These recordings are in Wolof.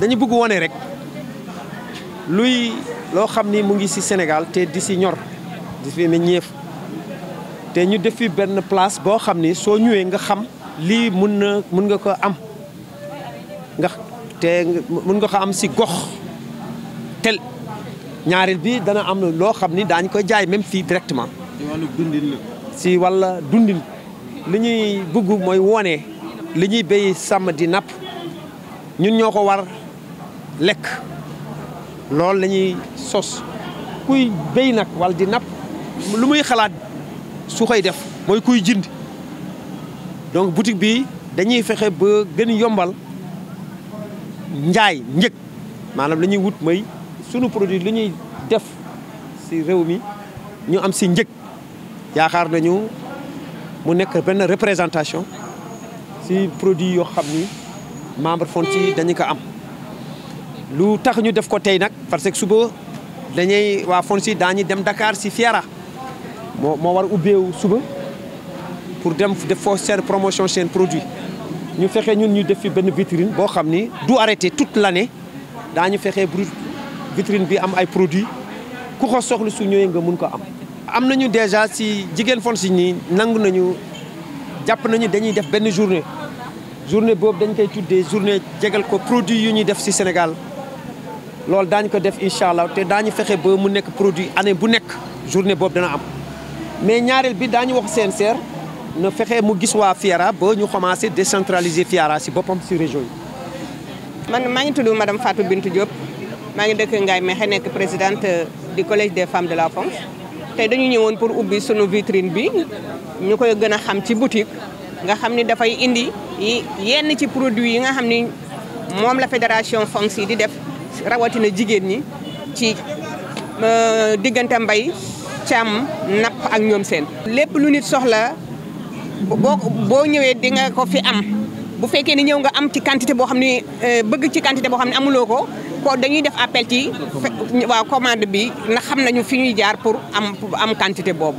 dañu bëgg wane rek luy loo xam ni mu ngi ci Sénégal te di ci ñor di fi meññeef te ñu def fi benn place boo xam ni soo ñëwee nga xam lii mun na mun nga ko am nga te mun nga ko am ci gox tel ñaareel bi dana am loo xam ni daañ ko jaay même fii directement. ci wàllu dundin la. li ñuy bëgg mooy wone li ñuy béy sàmm di napp ñun ñoo ko war. lekk loolu lañuy sos kuy béy nag wala di napp lu muy xalaat su koy def mooy kuy jënd donc boutique bi dañuy fexe ba gën yombal njaay njëg maanaam la ñuy wut mooy sunu produit li ñuy def si réew mi ñu am si njëg yaakaar nañu mu nekk benn représentation si produit yoo xam ni membre fonds ci dañu ko am lu tax ñu def ko tay nak parce que suba dañay wa FONSI dañi dem Dakar si Fiera mo mo war ubbeewu suba pour dem def foo seen promotion seen produit ñu fexé ñun ñu def fi ben vitrine bo xamni du arrêté toute l'année dañu fexé vitrine bi am ay produit ku ko soxlu su ñoy nga mën ko am. am nañu déjà si jigen FONSI ni nang nañu japp nañu dañuy def ben journée journée boobu dañ koy tuddé journée djégal ko produit yu ñuy def ci Sénégal. lol dañ ko def inshallah té te fexé fexe ba mu nek produit année bu nek journée boobu dana am mais ñaarël bi daañu wax sincère na fexé mu gis wa FIARA ba ñu commencé décentraliser FIARA ci bopam ci région man ma ngi tuddu madame Fatou Bintou Diop ma ngi dëkk ngay Mekhe nek présidente du collège des femmes de la Fonce tey dañu ñëwone pour ubbi sunu vitrine bi ñukoy gëna xam ci boutique nga xamni da fay indi yenn ci produit yi nga xamni mom la fédération Fonce di def. na jigen ni ci euh, digante mbay càmm nap ak ñom seen lepp lu nit soxla bo boo ñëwee di nga ko fi am bu fekké ni ñew nga am ci quantité bo xamni euh, bëgg ci quantité bo xamni ne ko ko dañuy def appel ci wa commande bi na xam nañu fi ñuy jaar pour am am quantité bobu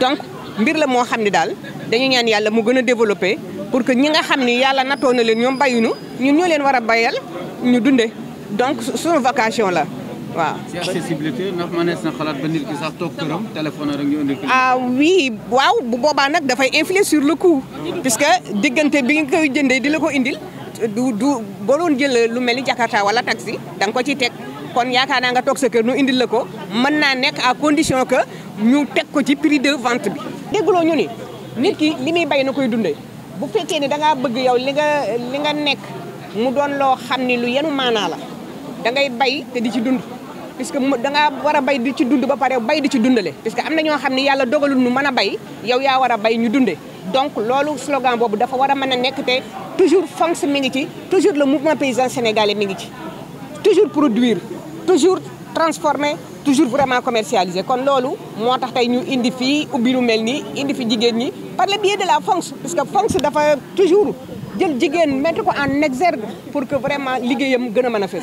donc mbir la mo xamni dal dañuy ñaan yalla mu gëna développer pour que ñi nga xamni yalla natone leen ñom bayinu ñun ñoo leen bayal ñu dundé donc suñu vocation la waaw. ci accessibilité ndax mënees na xalaat toog këram téléphone rek ñu indil. Ah waaw bu boobaa nag dafay influer sur le coût. que diggante bi nga koy jëndee di la ko indil. du du boo doon jël lu mel ni Jakarta wala taxi da nga ko ciy teg kon yaakaar naa nga toog sa kër nu indil la ko mën naa nekk à condition que ñu teg ko ci prix de vente bi. dégguloo ñu ni nit ki li muy bay na koy dundee bu fekkee ni da bëgg yow li nga nga nekk mu doon loo xam ne lu yenu maanaa la. da ngay bay té di ci dund puisque da nga wara bay di ci dund ba paré bay di ci dundalé puisque am na ñoo xam ne dogalul nu mëna a bay yow ya wara bay ñu dundé donc lolu slogan bobu dafa war wara mën nekk toujours fonks mi ngi ci toujours le mouvement paysan sénégalais mi ngi ci toujours produire toujours transformer toujours vraiment commercialiser kon lolu motax tay ñu indi fi ubbi lu mel indi fi jigen ñi par le biais de la fonks parce que fonks dafa toujours jël jigen mettre ko en exergue pour que vraiment liggéeyam gëna mëna mën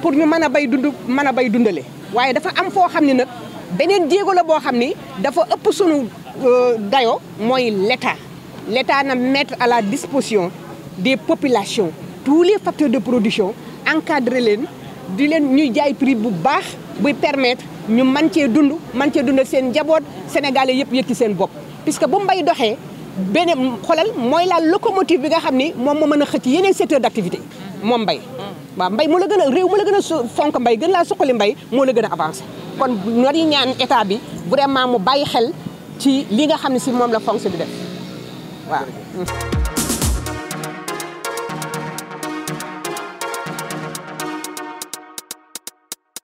pour ñu mën bay dund mën bay dundale waaye dafa am fo xamni nak benen djégo la bo xamni dafa ëpp suñu euh, dayo moy l'État l'État na mettre à la disposition des populations tous les facteurs de production encadrer len di len ñu jaay prix bu baax bu permettre ñu mën cee dund mën cee dund seen njaboot sénégalais yépp yékk sen seen puisque bu mbay doxé beneen xolal mooy la locomotive bi nga xam ni moom ma mën a xëcc yeneen secteur d'activité moom mbay waaw mbay mu la gën a réew mu la gën a fonk mbay gën laa suqali mbay moo la gën a avancé kon ñoo di ñaan état bi vraiment mu bàyyi xel ci li nga xam ne si moom la fonction di def waaw